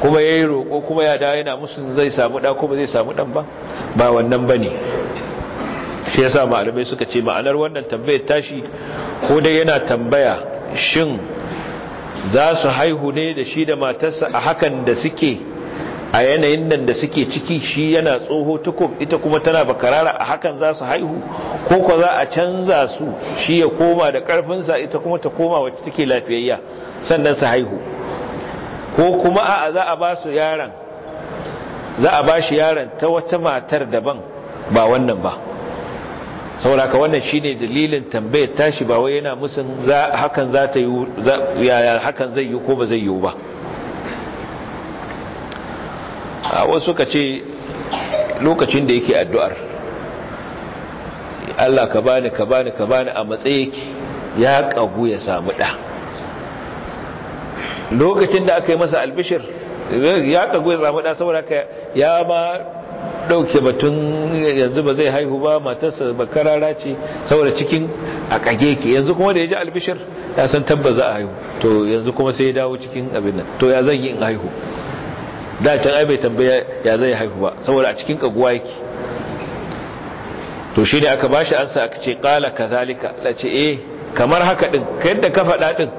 kuma yayi roƙo kuma ya da yana musu zai samu da kuma zai samu dan ba ba wannan bane shi yasa malamai suka ce ma'anar wannan tambayar tashi ko dai yana tambaya shin za su haihu ne da shi da matarsa a hakan da suke a yanayin nan da suke ciki shi yana tsoho tukum ita kuma tana bakarara a hakan za su haihu ko ko za a canza su shi ya koma da karfinsa ita kuma ta koma wacce take lafiyayya sannan su haihu ko kuma a za a ba su yaron za a ba shi yaron ta wata matar daban ba wannan ba sauraka wannan shi ne dalilin tambayar tashi ba wai yana musun hakan hakan zai yi ko ba zai yi ba a wasu ka ce lokacin da yake addu'ar Allah ka bani ka bani ka bani a matsayi ya kagu ya samu ɗa lokacin da aka yi masa albishir ya kagu ya samu ɗa saboda ka ya ba ɗauke batun yanzu ba zai haihu ba matarsa karara ce saboda cikin a kage ke yanzu kuma da ya ji albishir ya san tabba za a haihu to yanzu kuma sai ya dawo cikin abin nan to ya zan yi in haihu da can ai bai tambaya ya zai haifu ba saboda a cikin kaguwa yake to shi ne aka bashi ansa aka ce qala kazalika la ce eh kamar haka din kai yadda ka faɗa din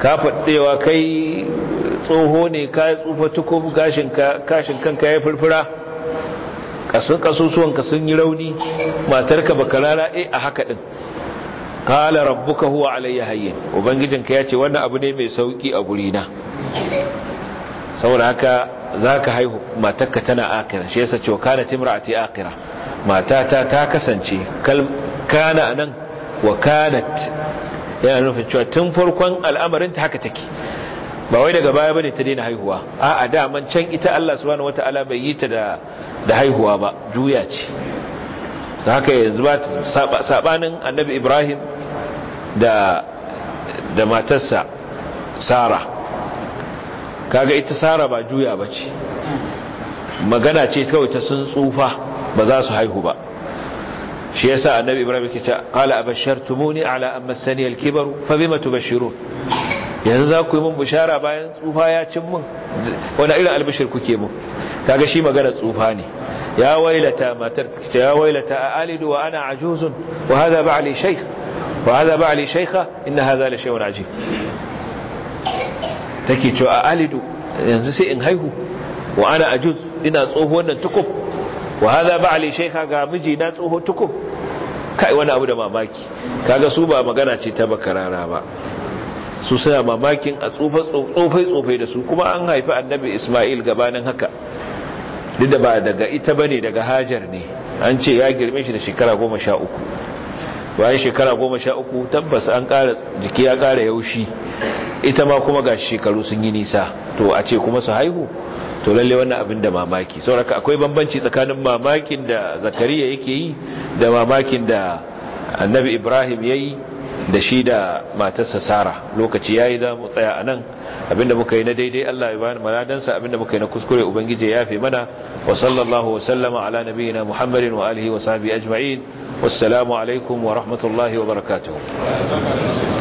ka faɗewa kai tsoho ne ka tsufa tukub gashin kashin kanka ya furfura kasun kasusuwanka sun yi rauni matarka baka rara eh a haka din qala rabbuka huwa alayya hayyin ubangijinka ya ce wannan abu ne mai sauki a gurina saboda haka zaka haihu matarka tana akira shi yasa cewa kana timrati akira matata ta kasance kana anan wa kanat yana nufin cewa tun farkon al'amarin ta haka take ba wai daga baya bane ta daina haihuwa a'a man can ita Allah subhanahu wataala bai yi ta da da haihuwa ba juya ce haka yanzu ba sabanin annabi Ibrahim da da matarsa sarah kaga ita sara ba juya ba ce magana ce kawai ta sun tsufa ba za su haihu ba shi yasa annabi ibrahim yake ce qala abashartumuni ala amma sani alkibar fa bima tubashirun yanzu za ku yi mun bishara bayan tsufa ya cin mun wani irin albishir kuke mun kaga shi magana tsufa ne ya wailata matar ta ya wailata a alidu wa ana ajuzun wa haza ba shaykh wa hadha ba'li shaykha inna hadha la shay'un take cewa a alidu yanzu sai in haihu wa ana ajuz ina tsoho wannan tukuf. wa hadha Ali shaykha ga miji na tsoho tukub kai wani abu da mamaki kaga su ba magana ce ta bakarara ba su suna mamakin a tsofai tsofai da su kuma an haifi annabi Isma'il gabanin haka duk da ba daga ita bane daga Hajar ne an ce ya girme shi da shekara 13 bayan shekara goma sha uku tabbas an kara jiki ya kara yaushi ita ma kuma ga shekaru sun yi nisa to a ce kuma su haihu to lalle wannan abin da mamaki sauraka akwai bambanci tsakanin mamakin da zakariya yake yi da mamakin da annabi ibrahim ya yi da shi da matarsa Sara lokaci yayi da mu tsaya anan abinda muka yi na daidai Allah ya bani maladansa abinda muka yi na kuskure ubangije ya yafe mana wa sallallahu wa sallama ala nabiyyina Muhammadin wa alihi wa sahbihi ajma'in wassalamu alaikum wa rahmatullahi wa barakatuh